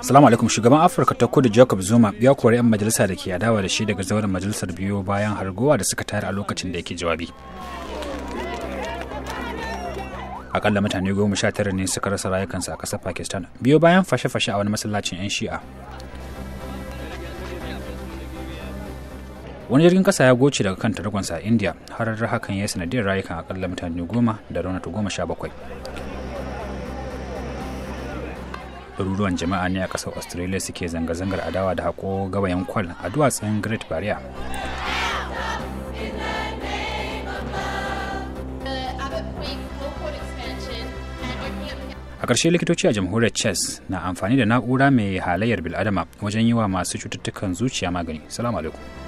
Salamu alaikum shugaban Afirka ta kudu Jacob Zuma ya kori 'yan majalisa da ke adawa da shi daga zauren majalisar biyu bayan hargowa da suka tayar a lokacin da yake jawabi. Akalla mutane goma sha tara ne suka rasa rayukansu a ƙasar Pakistan biyu bayan fashe-fashe a wani masallacin 'yan shi'a. Wani jirgin ƙasa ya goce daga kan tarakonsa a India har hakan ya sanadiyar rayukan akalla mutane goma da raunata goma sha bakwai. ɗaruruwan jama'a ne a ƙasar australia suke zanga-zangar adawa da haƙo gabayan kwal a duwatsun great barrier a ƙarshe likitoci a jamhuriyar chess na amfani da na'ura mai halayyar biladama wajen yi wa masu cututtukan zuciya magani salamu alaikum